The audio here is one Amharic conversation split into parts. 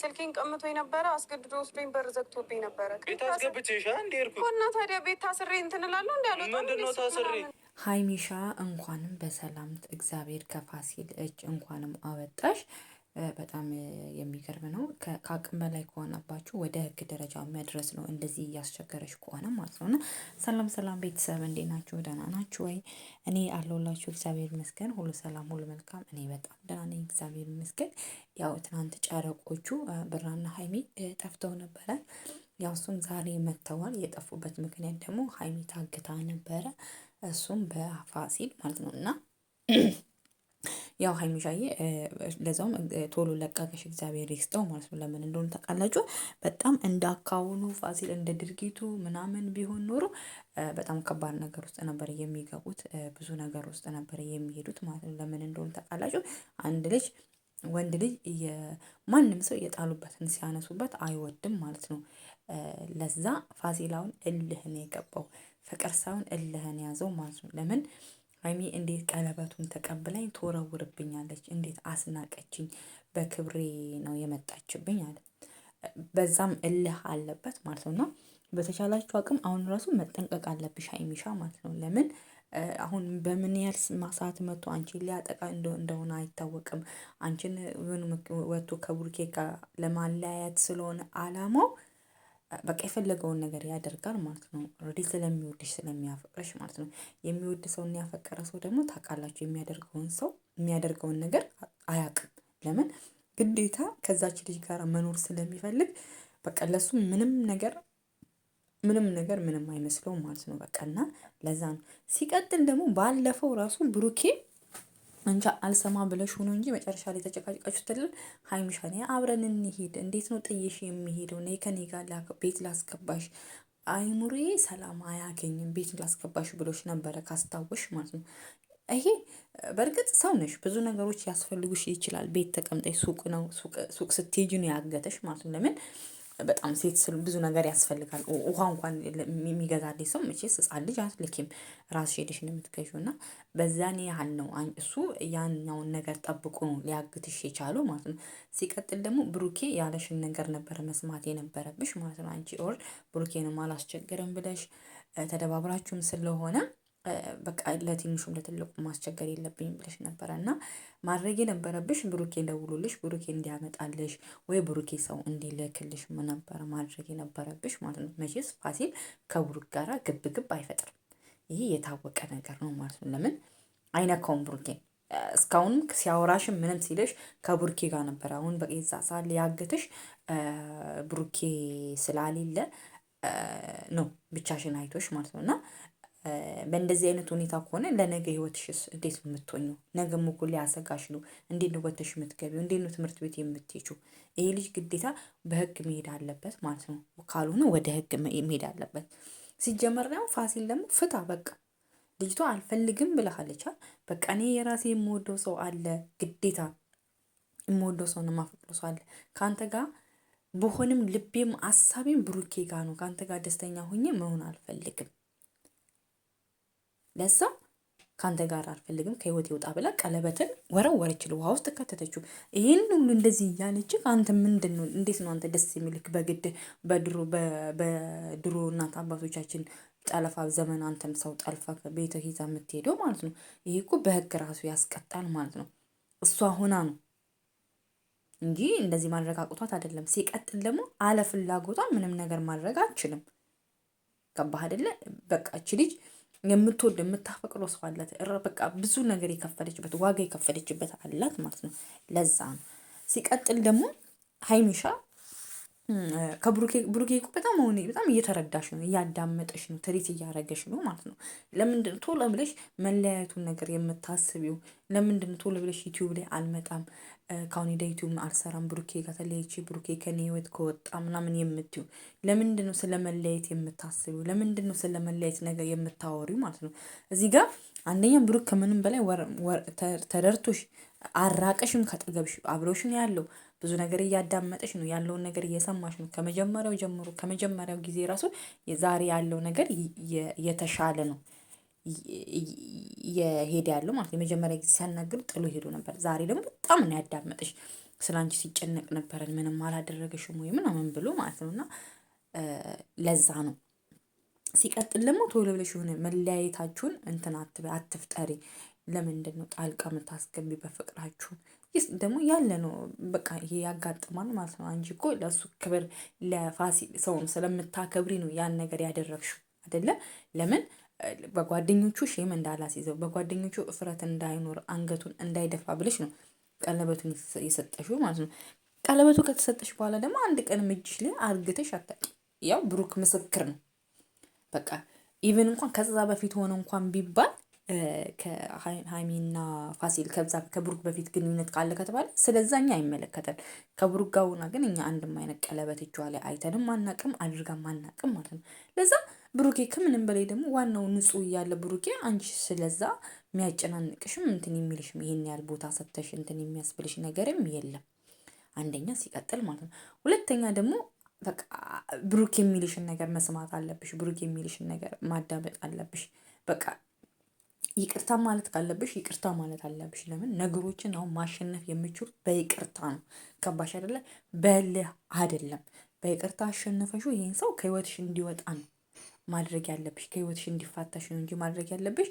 ስልኬን ቀምቶ ነበረ። አስገድዶ ወስዶኝ በር ዘግቶብኝ ነበረ። ቤት አስገብቼሻ እንደ ርኩ ታዲያ ቤት ታስሬ እንትን እላለሁ እንዲ ያሉት ምንድነው ታስሬ ሀይሚሻ እንኳንም በሰላም እግዚአብሔር ከፋሲል እጅ እንኳንም አወጣሽ። በጣም የሚገርም ነው። ከአቅም በላይ ከሆነባችሁ ወደ ህግ ደረጃ መድረስ ነው እንደዚህ እያስቸገረች ከሆነ ማለት ነው። እና ሰላም ሰላም ቤተሰብ እንዴት ናችሁ? ደህና ናችሁ ወይ? እኔ አለሁላችሁ እግዚአብሔር ይመስገን፣ ሁሉ ሰላም፣ ሁሉ መልካም። እኔ በጣም ደህና ነኝ እግዚአብሔር ይመስገን። ያው ትናንት ጨረቆቹ ብራና ሀይሚ ጠፍተው ነበረ። ያው እሱም ዛሬ መጥተዋል። የጠፉበት ምክንያት ደግሞ ሀይሚ ታግታ ነበረ፣ እሱም በፋሲል ማለት ነው እና ያው ሀይሚሻዬ ለዛውም ቶሎ ለቃቀሽ እግዚአብሔር ይስጠው ማለት ነው። ለምን እንደሆነ ታውቃላችሁ? በጣም እንዳካውኑ ፋሲል እንደ ድርጊቱ ምናምን ቢሆን ኖሮ በጣም ከባድ ነገር ውስጥ ነበር የሚገቡት፣ ብዙ ነገር ውስጥ ነበር የሚሄዱት ማለት ነው። ለምን እንደሆነ ታውቃላችሁ? አንድ ልጅ ወንድ ልጅ ማንም ሰው እየጣሉበትን ሲያነሱበት አይወድም ማለት ነው። ለዛ ፋሲላውን እልህን የገባው ፍቅር ሳይሆን እልህን ያዘው ማለት ነው። ለምን ሀይሚ እንዴት ቀለበቱን ተቀብላኝ ትወረውርብኛለች? እንዴት አስናቀችኝ? በክብሬ ነው የመጣችብኝ አለ። በዛም እልህ አለበት ማለት ነው። እና በተቻላችሁ አቅም አሁን ራሱ መጠንቀቅ አለብሽ ሀይሚሻ ማለት ነው። ለምን አሁን በምን ያህል ማሳት መጥቶ አንቺን ሊያጠቃ እንደሆነ አይታወቅም። አንቺን ወጥቶ ከቡርኬ ጋር ለማለያየት ስለሆነ አላማው በቃ የፈለገውን ነገር ያደርጋል ማለት ነው። ኦልሬዲ ስለሚወድሽ ስለሚያፈቅረሽ ማለት ነው። የሚወድ ሰውና ያፈቀረ ሰው ደግሞ ታውቃላችሁ፣ የሚያደርገውን ሰው የሚያደርገውን ነገር አያውቅም። ለምን ግዴታ ከዛች ልጅ ጋር መኖር ስለሚፈልግ በቃ ለሱ ምንም ነገር ምንም ነገር ምንም አይመስለውም ማለት ነው። በቃ እና ለዛ ነው። ሲቀጥል ደግሞ ባለፈው ራሱ ብሩኬ እንጃ አልሰማ ብለሽ ሆኖ እንጂ መጨረሻ ላይ ተጨቃጭቃችሁትልን ሀይሚሻ ኔ አብረን እንሂድ እንዴት ነው ጥይሽ የሚሄደው? እኔ ከኔ ጋር ቤት ላስገባሽ አይሙሬ ሰላም አያገኝም ቤት ላስገባሽ ብሎሽ ነበረ ካስታወሽ ማለት ነው። ይሄ በእርግጥ ሰው ነሽ፣ ብዙ ነገሮች ያስፈልጉሽ ይችላል። ቤት ተቀምጠሽ ሱቅ ነው ሱቅ ስትሄጂ ነው ያገተሽ ማለት ነው። ለምን በጣም ሴት ስል ብዙ ነገር ያስፈልጋል። ውሃ እንኳን የሚገዛልኝ ሰው መቼስ ህፃን ልጅ አትልኪም ራስሽ ሄደሽ ነው የምትገዢው። እና በዛን ያህል ነው እሱ ያኛውን ነገር ጠብቆ ነው ሊያግትሽ የቻሉ ማለት ነው። ሲቀጥል ደግሞ ብሩኬ ያለሽን ነገር ነበረ መስማት የነበረብሽ ማለት ነው። አንቺ ኦር ብሩኬንም አላስቸግርም ብለሽ ተደባብራችሁም ስለሆነ በቃ ለትንሹም ለትልቁ ማስቸገር የለብኝም ብለሽ ነበረ እና ማድረግ የነበረብሽ ብሩኬ እንደውሉልሽ ብሩኬ እንዲያመጣልሽ ወይ ብሩኬ ሰው እንዲልክልሽ ነበረ ማድረግ የነበረብሽ ማለት ነው። መቼስ ፋሲል ከብሩክ ጋራ ግብ ግብ አይፈጥርም። ይህ የታወቀ ነገር ነው ማለት ነው። ለምን አይነካውም ብሩኬ። እስካሁንም ሲያወራሽም ምንም ሲልሽ ከብሩኬ ጋር ነበር። አሁን በዛ ሰዓት ሊያግትሽ ብሩኬ ስላሌለ ነው ብቻሽን አይቶሽ ማለት ነው እና በእንደዚህ አይነት ሁኔታ ከሆነ ለነገ ህይወትሽስ እንዴት ነው ነገ ነገም እኮ ሊያሰጋሽ ነው። እንዴት ነው ወተሽ የምትገቢው? እንዴት ነው ትምህርት ቤት የምትችው? ይህ ልጅ ግዴታ በህግ መሄድ አለበት ማለት ነው። ካልሆነ ወደ ህግ መሄድ አለበት። ሲጀመር ደግሞ ፋሲል ደግሞ ፍታ በቃ ልጅቷ አልፈልግም ብለሃለች። በቃ እኔ የራሴ የምወደው ሰው አለ፣ ግዴታ የምወደው ሰው ነው፣ የማፈቅረው ሰው አለ። ከአንተ ጋር በሆንም ልቤም አሳቢም ብሩኬ ጋር ነው። ከአንተ ጋር ደስተኛ ሁኜ መሆን አልፈልግም። ለዛ ከአንተ ጋር አልፈልግም ከህይወት ይወጣ ብላ ቀለበትን ወረወረችል፣ ውሃ ውስጥ ከተተችው። ይህን ሁሉ እንደዚህ እያለች አንተ ምንድን ነው? እንዴት ነው አንተ ደስ የሚልክ? በግድ በድሮ እናት አባቶቻችን ጠለፋ ዘመን አንተም ሰው ጠልፋ ቤተ ሂዛ የምትሄደው ማለት ነው። ይሄ እኮ በህግ ራሱ ያስቀጣል ማለት ነው። እሷ ሆና ነው እንጂ እንደዚህ ማድረግ አቅቷት አይደለም። ሲቀጥል ደግሞ አለ ፍላጎቷ ምንም ነገር ማድረግ አልችልም። ገባህ አይደለ? በቃ እች ልጅ የምትወድ የምታፈቅረው ሰው አላት። በቃ ብዙ ነገር የከፈለችበት ዋጋ የከፈለችበት አላት ማለት ነው። ለዛ ነው። ሲቀጥል ደግሞ ሀይሚሻ ከብሩኬ ብሩኬ እኮ በጣም ሆነ በጣም እየተረዳሽ ነው፣ እያዳመጠሽ ነው፣ ትሪት እያረገሽ ነው ማለት ነው። ለምንድን ቶሎ ብለሽ መለያየቱን ነገር የምታስቢው? ለምንድን ቶሎ ብለሽ ዩቲዩብ ላይ አልመጣም ከአሁን ሄዳ ዩቲዩብ አልሰራም ብሩኬ ጋር ተለያይቼ ብሩኬ ከኔ ህይወት ከወጣ ምናምን የምትዩ ለምንድን ነው ስለ መለያየት የምታስቢው? ለምንድን ነው ስለ መለያየት ነገር የምታወሪው ማለት ነው። እዚህ ጋር አንደኛ ብሩክ ከምንም በላይ ተደርቶሽ አራቀሽም ከጠገብሽ አብሮሽ ያለው ብዙ ነገር እያዳመጠች ነው ያለውን ነገር እየሰማች ነው። ከመጀመሪያው ጀምሮ ከመጀመሪያው ጊዜ ራሱ ዛሬ ያለው ነገር የተሻለ ነው። እየሄደ ያለው ማለት የመጀመሪያ ጊዜ ሲያናግር ጥሎ ሄዶ ነበር። ዛሬ ደግሞ በጣም ነው ያዳመጠች። ስለ አንቺ ሲጨነቅ ነበረን ምንም አላደረገሽም ወይ ምናምን ብሎ ማለት ነው። እና ለዛ ነው። ሲቀጥል ደግሞ ቶሎ ብለሽ የሆነ መለያየታችሁን እንትን አትፍጠሪ። ለምንድን ነው ጣልቃ የምታስገቢ በፍቅራችሁ? ይስ ደግሞ ያለ ነው በቃ ይሄ ያጋጥማል ማለት ነው። አንቺ እኮ ለእሱ ክብር ለፋሲል ሰውን ስለምታከብሪ ነው ያን ነገር ያደረግሽው አይደለ? ለምን በጓደኞቹ ሼም እንዳላስይዘው በጓደኞቹ እፍረት እንዳይኖር አንገቱን እንዳይደፋ ብለሽ ነው ቀለበቱን የሰጠሽው ማለት ነው። ቀለበቱ ከተሰጠሽ በኋላ ደግሞ አንድ ቀን እጅሽ ላይ አርግተሽ አታውቂም። ያው ብሩክ ምስክር ነው። በቃ ኢቨን እንኳን ከዛ በፊት ሆነ እንኳን ቢባል ከሀይሚና ፋሲል ከብዛ ከብሩክ በፊት ግንኙነት ካለ ከተባለ ስለዛ እኛ አይመለከተን። ከብሩክ ጋር ሆና ግን እኛ አንድም አይነት ቀለበት እጇ ላይ አይተንም አናቅም፣ አድርጋም አናቅም ማለት ነው። ለዛ ብሩኬ ከምንም በላይ ደግሞ ዋናው ንጹህ እያለ ብሩኬ አንቺ ስለዛ የሚያጨናንቅሽም እንትን የሚልሽም ይሄን ያህል ቦታ ሰጥተሽ እንትን የሚያስብልሽ ነገርም የለም። አንደኛ ሲቀጥል ማለት ነው። ሁለተኛ ደግሞ በቃ ብሩክ የሚልሽን ነገር መስማት አለብሽ። ብሩክ የሚልሽን ነገር ማዳመጥ አለብሽ። በቃ ይቅርታ ማለት ካለብሽ ይቅርታ ማለት አለብሽ። ለምን ነገሮችን አሁን ማሸነፍ የምችሉ በይቅርታ ነው። ከባሽ አደለ በልህ አይደለም። በይቅርታ አሸነፈሹ ይህን ሰው ከህይወትሽ እንዲወጣ ነው ማድረግ ያለብሽ፣ ከህይወትሽ እንዲፋታሽ ነው እንጂ ማድረግ ያለብሽ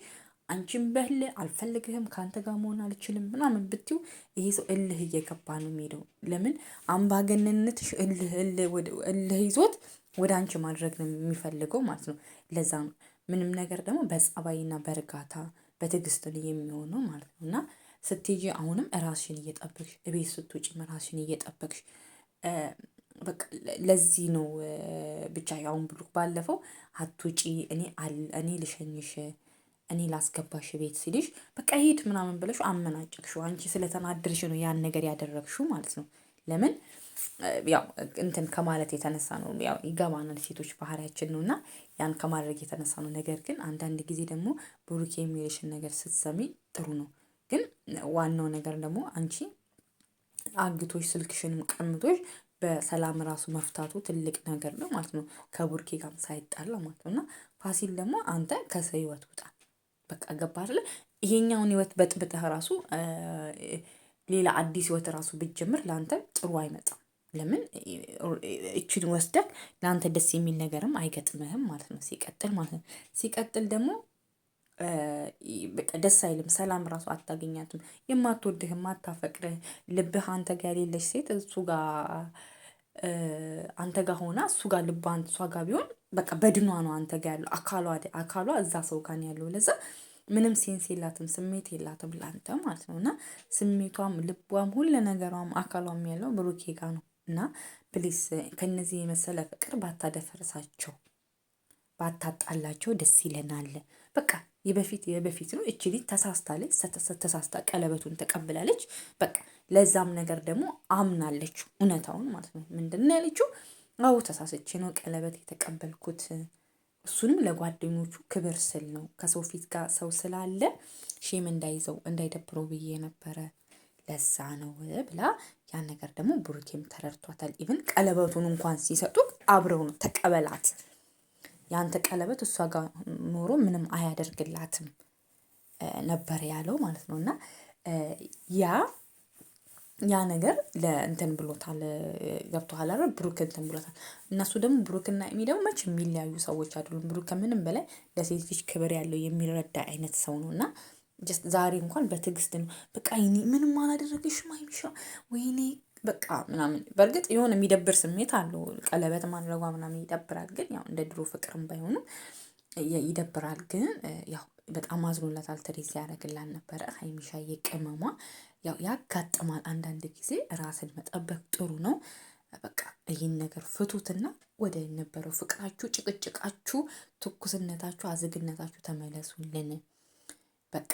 አንቺን በህል አልፈልግህም ከአንተ ጋር መሆን አልችልም ምናምን ብትው ይሄ ሰው እልህ እየገባ ነው የሚሄደው። ለምን አምባገነንነትሽ እልህ እልህ ይዞት ወደ አንቺ ማድረግ ነው የሚፈልገው ማለት ነው። ለዛ ነው ምንም ነገር ደግሞ በጸባይና በእርጋታ በትዕግስት ነው የሚሆነው ማለት ነው እና ስትሄጂ አሁንም ራስሽን እየጠበቅሽ እቤት ስትወጪም ራስሽን እየጠበቅሽ ለዚህ ነው ብቻ አሁን ብሎ ባለፈው አትውጪ እኔ እኔ ልሸኝሽ እኔ ላስገባሽ ቤት ሲልሽ በቃ ሂድ ምናምን ብለሽ አመናጨቅሽው። አንቺ ስለተናድርሽ ነው ያን ነገር ያደረግሽው ማለት ነው። ለምን ያው እንትን ከማለት የተነሳ ነው። ያው ይገባናል፣ ሴቶች ባህሪያችን ነው እና ያን ከማድረግ የተነሳ ነው። ነገር ግን አንዳንድ ጊዜ ደግሞ ብሩክ የሚልሽን ነገር ስትሰሚ ጥሩ ነው። ግን ዋናው ነገር ደግሞ አንቺ አግቶች ስልክሽንም ቀምቶች በሰላም ራሱ መፍታቱ ትልቅ ነገር ነው ማለት ነው። ከቡርኬ ጋርም ሳይጣላ ማለት ነው። እና ፋሲል ደግሞ አንተ ከሰው ህይወት ውጣ፣ በቃ ገባ አይደለ? ይሄኛውን ህይወት በጥብጠህ ራሱ ሌላ አዲስ ህይወት ራሱ ብጀምር ለአንተ ጥሩ አይመጣም። ለምን እችን ወስደህ ለአንተ ደስ የሚል ነገርም አይገጥምህም ማለት ነው። ሲቀጥል ማለት ነው ሲቀጥል ደግሞ በቃ ደስ አይልም። ሰላም ራሱ አታገኛትም። የማትወድህ የማታፈቅርህ ልብህ አንተ ጋር የሌለች ሴት እሱ ጋር አንተ ጋር ሆና እሱ ጋር ልቧ እሷ ጋር ቢሆን በቃ በድኗ ነው አንተ ጋር ያለው አካሏ አካሏ እዛ ሰው ጋር ያለው ለዛ ምንም ሴንስ የላትም፣ ስሜት የላትም ላንተ ማለት ነው። እና ስሜቷም፣ ልቧም፣ ሁሉ ነገሯም፣ አካሏም ያለው ብሩኬ ጋ ነው። እና ፕሊስ ከነዚህ የመሰለ ፍቅር ባታደፈርሳቸው ባታጣላቸው ደስ ይለናል። በቃ የበፊት የበፊት ነው። እች ልጅ ተሳስታለች፣ ተሳስታ ቀለበቱን ተቀብላለች። በቃ ለዛም ነገር ደግሞ አምናለች እውነታውን ማለት ነው። ምንድን ነው ያለችው? አዎ ተሳስቼ ነው ቀለበት የተቀበልኩት እሱንም ለጓደኞቹ ክብር ስል ነው። ከሰው ፊት ጋር ሰው ስላለ ሼም እንዳይዘው እንዳይደብረው ብዬ ነበረ። ለዛ ነው ብላ ያን ነገር ደግሞ ብሩኬም ተረድቷታል። ኢቭን ቀለበቱን እንኳን ሲሰጡ አብረው ነው ተቀበላት። ያንተ ቀለበት እሷ ጋር ኖሮ ምንም አያደርግላትም ነበር ያለው ማለት ነው እና ያ ያ ነገር ለእንትን ብሎታል ገብቶሃል አይደል? ብሩክ እንትን ብሎታል። እነሱ ደግሞ ብሩክና ኤሚ ደግሞ መች የሚለያዩ ሰዎች አይደሉም። ብሩክ ከምንም በላይ ለሴት ልጅ ክብር ያለው የሚረዳ አይነት ሰው ነው እና ዛሬ እንኳን በትዕግስት ነው በቃ ይኔ ምንም አላደረግሽም አይሚሻ ወይኔ በቃ ምናምን። በእርግጥ የሆነ የሚደብር ስሜት አለው ቀለበት ማድረጓ ምናምን ይደብራል። ግን ያው እንደ ድሮ ፍቅርም ባይሆንም ይደብራል። ግን ያው በጣም አዝኖላታል። ትሬት ያደረግላል ነበረ ሀይሚሻ የቅመሟ ያው ያጋጥማል። አንዳንድ ጊዜ ራስን መጠበቅ ጥሩ ነው። በቃ ይህን ነገር ፍቱትና ወደ ነበረው ፍቅራችሁ፣ ጭቅጭቃችሁ፣ ትኩስነታችሁ፣ አዝግነታችሁ ተመለሱልን። በቃ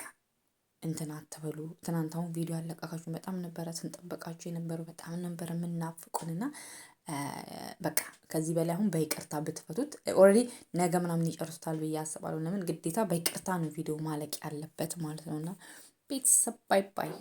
እንትን አትበሉ። ትናንት አሁን ቪዲዮ ያለቃካችሁ በጣም ነበረ ስንጠበቃችሁ የነበረው በጣም ነበረ የምናፍቁንና በቃ ከዚህ በላይ አሁን በይቅርታ ብትፈቱት ኦልሬዲ ነገ ምናምን ይጨርሱታል ብዬ አስባለሁ። ለምን ግዴታ በይቅርታ ነው ቪዲዮ ማለቅ ያለበት ማለት ነውና ቤተሰብ ባይ ባይ።